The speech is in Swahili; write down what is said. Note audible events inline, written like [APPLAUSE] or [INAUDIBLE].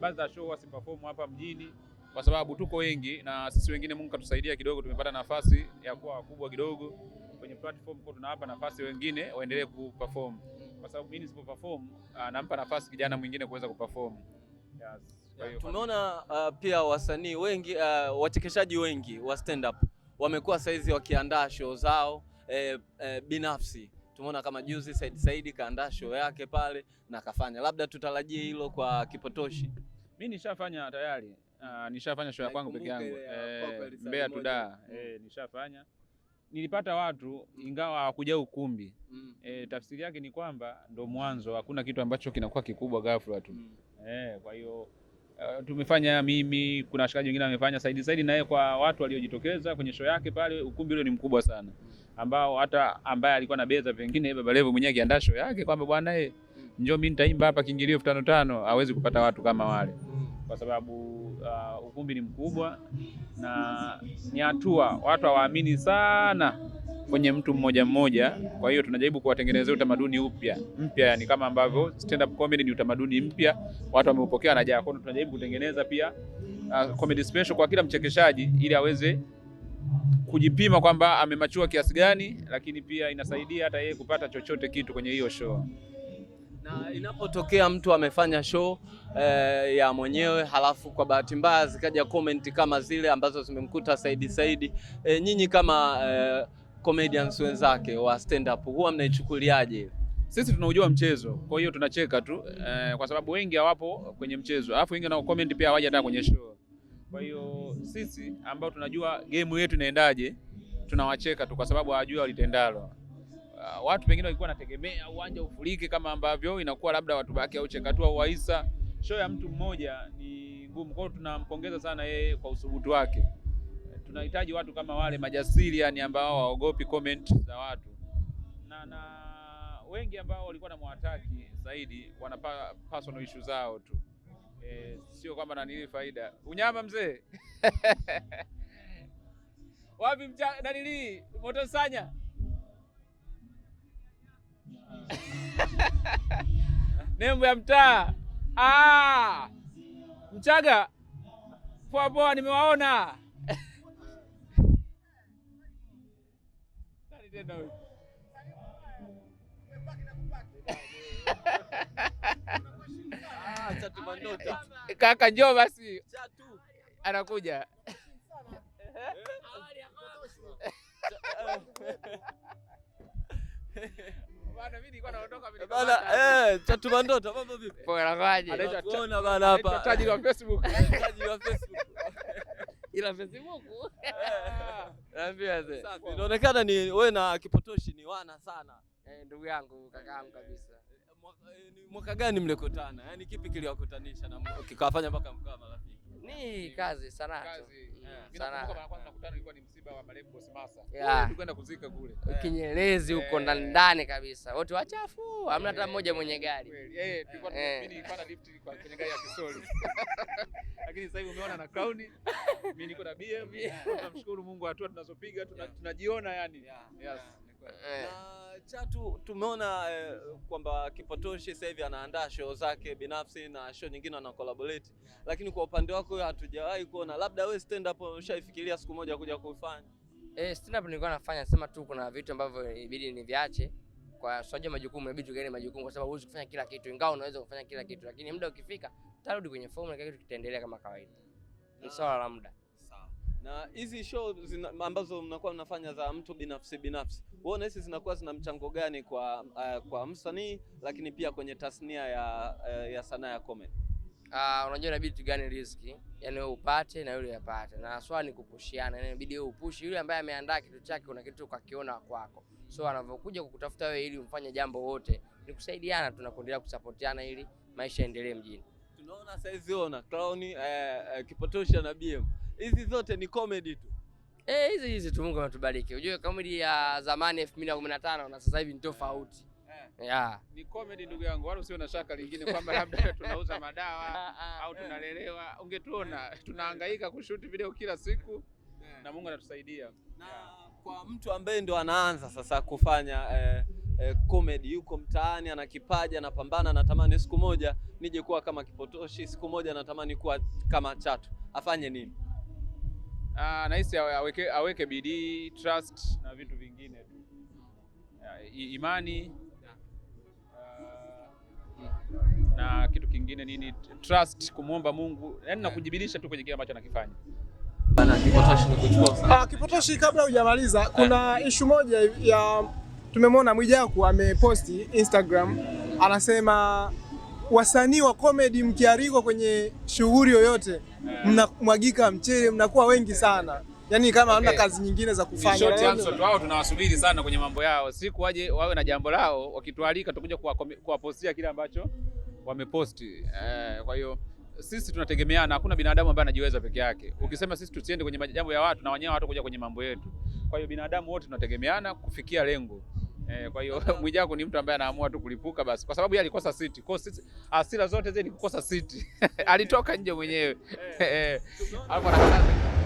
baadhi za show si perform hapa mjini kwa sababu tuko wengi na sisi wengine Mungu katusaidia kidogo, tumepata nafasi ya kuwa wakubwa kidogo kwenye platform, kwa tunawapa nafasi wengine waendelee kuperform, kwa sababu mimi nisipo perform ah, nampa nafasi kijana mwingine kuweza kuperform. Yes, tumeona uh, ah, pia wasanii wengi uh, wachekeshaji wengi wa stand up wamekuwa saizi wakiandaa show zao eh, eh, binafsi Tumeona kama juzi Said Saidi kaandaa show yake pale na kafanya, labda tutarajie hilo kwa Kipotoshi. Mi nishafanya tayari, uh, nishafanya show ya kwangu peke yangu mbea eh, Mbeya tudaa mm. eh, nishafanya nilipata watu ingawa hawakuja ukumbi mm. E, tafsiri yake ni kwamba ndo mwanzo, hakuna kitu ambacho kinakuwa kikubwa ghafla tu mm. E, kwa hiyo uh, tumefanya mimi, kuna washikaji wengine wamefanya, Saidi Saidi naye kwa watu waliojitokeza kwenye show yake pale, ukumbi ule ni mkubwa sana, ambao hata ambaye alikuwa na beza pengine Baba Levo mwenyewe akiandaa show yake kwamba bwana, eh, njoo mimi nitaimba hapa kiingilio elfu tano tano, hawezi kupata watu kama wale kwa sababu uh, ukumbi ni mkubwa na ni hatua, watu hawaamini sana kwenye mtu mmoja mmoja. Kwa hiyo tunajaribu kuwatengenezea utamaduni upya mpya, yani kama ambavyo stand up comedy ni utamaduni mpya, watu wameupokea na jaa. tunajaribu kutengeneza pia uh, comedy special kwa kila mchekeshaji ili aweze kujipima kwamba amemachua kiasi gani, lakini pia inasaidia hata yeye kupata chochote kitu kwenye hiyo show. Na inapotokea mtu amefanya show eh, ya mwenyewe halafu kwa bahati mbaya zikaja comment kama zile ambazo zimemkuta Saidi Saidi, eh, nyinyi kama eh, comedians wenzake wa stand up huwa mnaichukuliaje? Sisi tunaujua mchezo, kwa hiyo tunacheka tu eh, kwa sababu wengi hawapo kwenye mchezo, alafu wengi na comment pia hawaja hata kwenye show. Kwa hiyo sisi ambao tunajua game yetu inaendaje tunawacheka tu, kwa sababu hawajui walitendalo uh, watu pengine walikuwa wanategemea uwanja ufurike kama ambavyo inakuwa labda watu baki au chekatua au waisa show ya mtu mmoja ni ngumu. Kwa hiyo tunampongeza sana yeye kwa usubutu wake. Tunahitaji watu kama wale majasiri, yani ambao waogopi comment za watu na, na wengi ambao walikuwa na mwataki zaidi wana personal issue zao tu e, sio kwamba nini faida unyama mzee [LAUGHS] wapi mcha nanili motosanya nembo ya mtaa. Ah, Mchaga poa poa, nimewaona ah, kaka, njoo basi, anakuja Eh, Chatumandota mambo vipi? Anaitwa bana hapa. Tajiri wa Facebook. Tajiri wa Facebook. [LAUGHS] Ila Facebook. Eh, eh. Inaonekana ni wewe na Kipotoshi ni wana sana. Eh, ndugu yangu kakaangu kabisa. Mwaka gani mlikutana? Yaani kipi kiliwakutanisha na kikawafanya mpaka mkawa marafiki? ni kazi eh, kuzika kule eh. Kinyelezi huko eh. ndani ndani kabisa, wote wachafu, hamna hata mmoja mwenye gari. [LAUGHS] Lakini sasa hivi umeona na crown, mimi niko na BM. [LAUGHS] Tunamshukuru Mungu, hatua tunazopiga tunajiona yani. Yes. Eh. Na Chatu tumeona eh, kwamba Kipotoshi sasa hivi anaandaa show zake binafsi na show nyingine ana collaborate, lakini kwa upande wako hatujawahi kuona, labda wewe stand up ushaifikiria siku moja kuja kufanya? Eh, stand up nilikuwa nafanya, sema tu kuna vitu ambavyo ibidi ni viache kwa sababu ya majukumu, ibidi tugawane majukumu, kwa sababu huwezi kufanya kila kitu, ingawa unaweza kufanya kila kitu, lakini muda ukifika tarudi kwenye formula, kila kitu kitaendelea kama kawaida. Ni ah. swala la muda. Na hizi show zina, ambazo mnakuwa mnafanya za mtu binafsi binafsi, wewe unahisi zinakuwa zina mchango gani kwa uh, kwa msanii lakini pia kwenye tasnia ya uh, ya sanaa ya comedy? Uh, unajua inabidi tugane riski, yani wewe upate na yule apate, na swala ni kupushiana, yani inabidi wewe upushi yule ambaye ameandaa kitu chake, una kitu ukakiona kwako, so anavyokuja kukutafuta wewe ili umfanye jambo wote ni kusaidiana, tunakuendelea kusapotiana ili maisha yaendelee mjini. Tunaona saizi ona clown eh, eh, Kipotosha na BM hizi zote ni comedy tu eh, hizi hizi tu. Mungu anatubariki. Unajua comedy ya zamani 2015 na sasa hivi ni tofauti. Yeah. Ni comedy ndugu yangu, wala usiwe na shaka lingine kwamba labda [LAUGHS] tunauza madawa ah, ah, ah. au tunalelewa. Ungetuona tunahangaika kushuti video kila siku eh. na Mungu anatusaidia. Na kwa mtu ambaye ndo anaanza sasa kufanya eh, eh, comedy yuko mtaani, ana kipaji, anapambana, anatamani siku moja nije kuwa kama Kipotoshi, siku moja anatamani kuwa kama Chatu, afanye nini? Ah, nahisi aweke, aweke bidii trust na vitu vingine tu imani uh, na kitu kingine nini, trust kumwomba Mungu yeah. Yaani na kujibilisha tu kwenye kile ambacho anakifanya. Ah, kipotoshi, kabla hujamaliza, kuna eh. ishu moja ya tumemwona Mwijaku ameposti Instagram, anasema wasanii wa comedy mkialikwa kwenye shughuli yoyote, eh. mnamwagika mchele, mnakuwa wengi sana yani kama hamna okay, eh. kazi nyingine za kufanya. Wao tunawasubiri sana kwenye mambo yao, siku waje wawe na jambo lao, wakitualika tutakuja kuwapostia kile ambacho wameposti. Eh, kwa hiyo sisi tunategemeana, hakuna binadamu ambaye anajiweza peke yake. Ukisema sisi tusiende kwenye majambo ya watu, na wenyewe watu kuja kwenye mambo yetu. Kwa hiyo binadamu wote tunategemeana kufikia lengo. Eh, kwa hiyo Mwijaku ni mtu ambaye anaamua tu kulipuka basi, kwa sababu yeye alikosa siti. Kwa hiyo hasira zote zile ni kukosa siti [LAUGHS] alitoka nje mwenyewe eh. [LAUGHS] Eh.